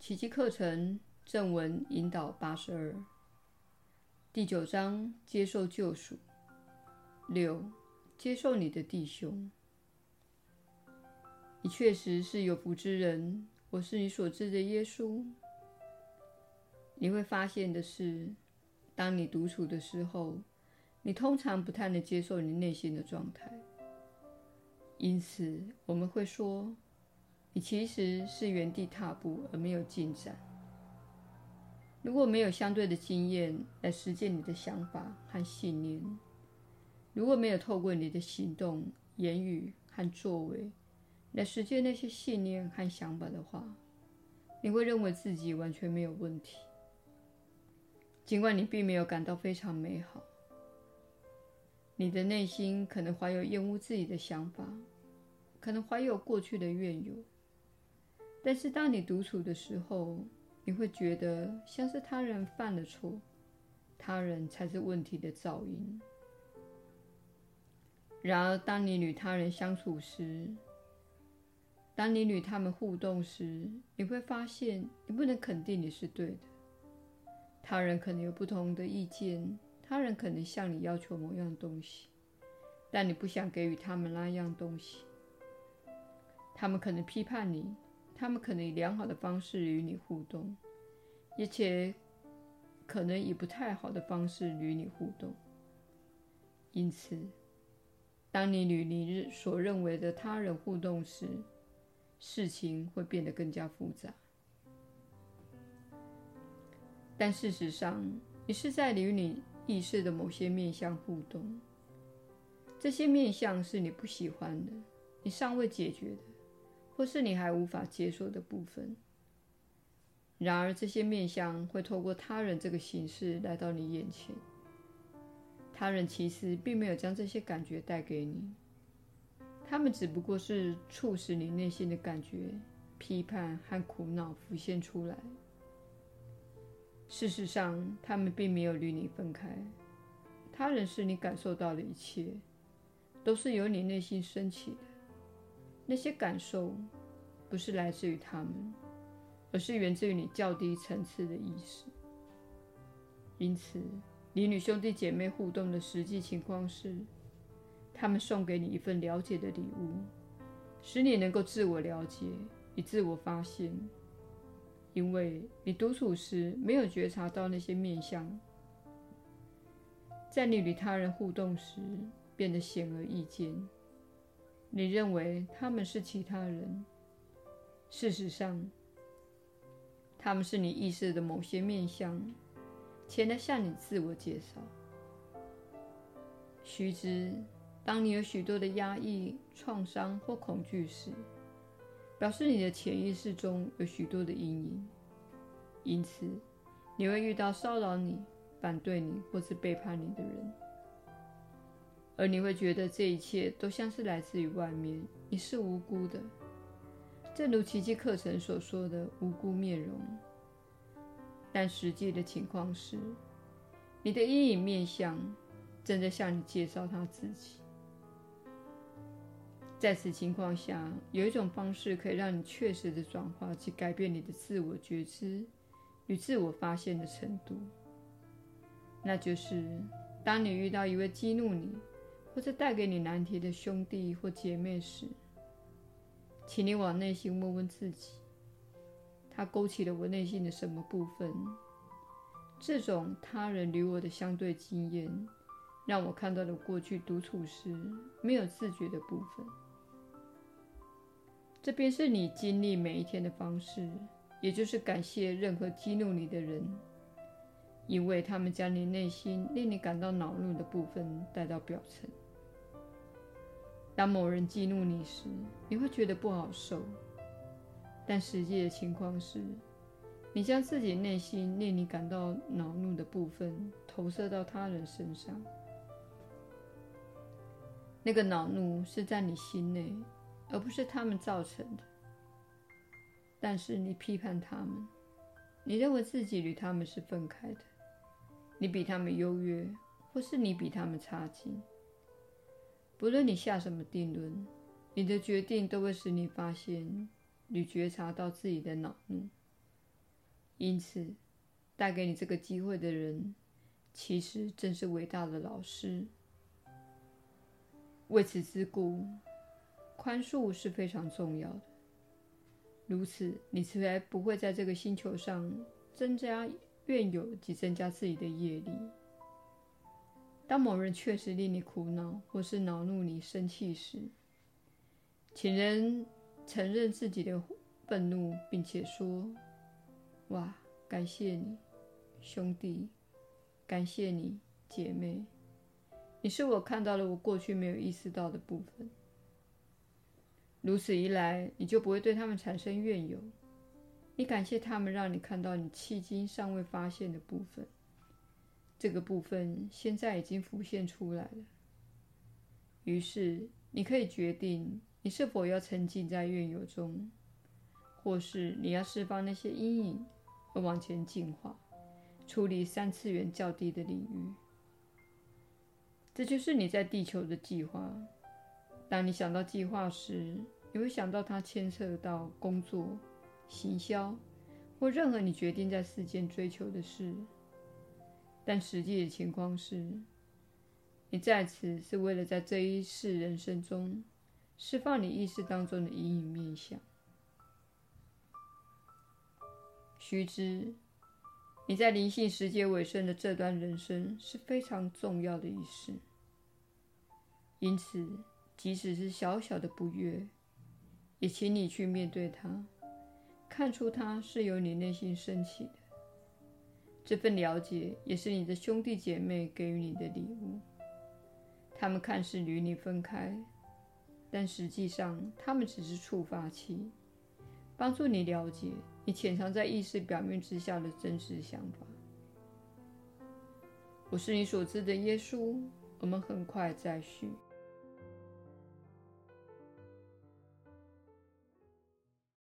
奇蹟課程正文引導八十二，第九章接受救贖陸，接受你的弟兄。你確實是有福之人，我是你所知的耶穌。你會發現的是，當你獨處的時候，你通常不太能接受你內心的狀態。因此，我們會說。你其實是原地踏步而沒有進展。如果沒有相對的經驗來實踐你的想法和信念，如果沒有透過你的行動、言語和作為來實踐那些信念和想法的話，你會認為自己完全沒有問題。儘管你並沒有感到非常美好，你的內心可能懷有厭惡自己的想法，可能懷有過去的怨尤。但是，當你獨處的時候，你會覺得像是他人犯了錯，他人才是問題的肇因。然而，當你與他人相處時，當你與他們互動時，你會發現你不能肯定你是對的。他人可能有不同的意見，他人可能向你要求某樣東西，但你不想給予他們那樣東西。他們可能批判你。他們可能以良好的方式與你互動，也可能以不太好的方式與你互動。因此，當你與你所認為的他人互動時，事情會變得更加複雜。但事實上，你是在與你意識的某些面向互動，這些面向是你不喜歡的，你尚未解決的。或是你還無法接受的部分。然而，這些面向會透過他人這個形式來到你眼前。他人其實並沒有將這些感覺帶給你，他們只不過是促使你內心的感覺、批判和苦惱浮現出來。事實上，他們並沒有與你分開。他人使你感受到的一切，都是由你內心升起的。那些感受，不是來自於他們，而是源自於你較低層次的意識。因此，你與兄弟姐妹互動的實際情況是，他們送給你一份了解的禮物，使你能夠自我了解以自我發現。因為你獨處時沒有覺察到那些面向，在你與他人互動時變得顯而易見。你認為他們是其他人，事實上，他們是你意識的某些面向，前來向你自我介紹。須知，當你有許多的壓抑、創傷或恐懼時，表示你的潛意識中有許多的陰影，因此你會遇到騷擾你、反對你或是背叛你的人。而你會覺得這一切都像是來自於外面，你是無辜的，正如奇蹟課程所說的“無辜面容”。但實際的情況是，你的陰影面向正在向你介紹他自己。在此情況下，有一種方式可以讓你確實地轉化及改變你的自我覺知與自我發現的程度，那就是當你遇到一位激怒你，或者帶給你難題的兄弟或姐妹時，請你往內心問問自己：他勾起了我內心的什麼部分？這種他人與我的相對經驗，讓我看到了過去獨處時沒有自覺的部分。這便是你經歷每一天的方式，也就是感謝任何激怒你的人，因為他們將你內心令你感到惱怒的部分帶到表層。當某人激怒你時，你會覺得不好受。但實際的情況是，你將自己內心令你感到惱怒的部分投射到他人身上。那個惱怒是在你心內，而不是他們造成的。但是你批判他們，你認為自己與他們是分開的，你比他們優越，或是你比他們差勁。不論你下什麼定論，你的決定都會使你發現你覺察到自己的惱怒。因此，帶給你這個機會的人，其實正是偉大的老師。為此之故，寬恕是非常重要的。如此，你才不會在這個星球上增加怨尤及增加自己的業力。當某人確實令你苦惱，或是惱怒你、生氣時，請人承認自己的憤怒，並且說：“哇，感謝你，兄弟，感謝你，姐妹，你使我看到了我過去沒有意識到的部分。”如此一來，你就不會對他們產生怨尤。你感謝他們讓你看到你迄今尚未發現的部分。這個部分現在已經浮現出來了。於是你可以決定，你是否要沉浸在怨尤中，或是你要釋放那些陰影而往前進化，出離三次元較低的領域。這就是你在地球的計劃。當你想到計劃時，你會想到它牽涉到工作、行銷或任何你決定在世間追求的事。但實際的情況是，你在此是為了在這一世人生中，釋放你意識當中的陰影面向。須知，你在靈性時節尾聲的這段人生是非常重要的一世。因此，即使是小小的不悅，也請你去面對它，看出它是由你內心升起的。這份了解也是你的兄弟姐妹給予你的禮物。他們看似與你分開，但實際上他們只是觸發器，幫助你了解你潛藏在意識表面之下的真實想法。我是你所知的耶穌，我們很快再敘。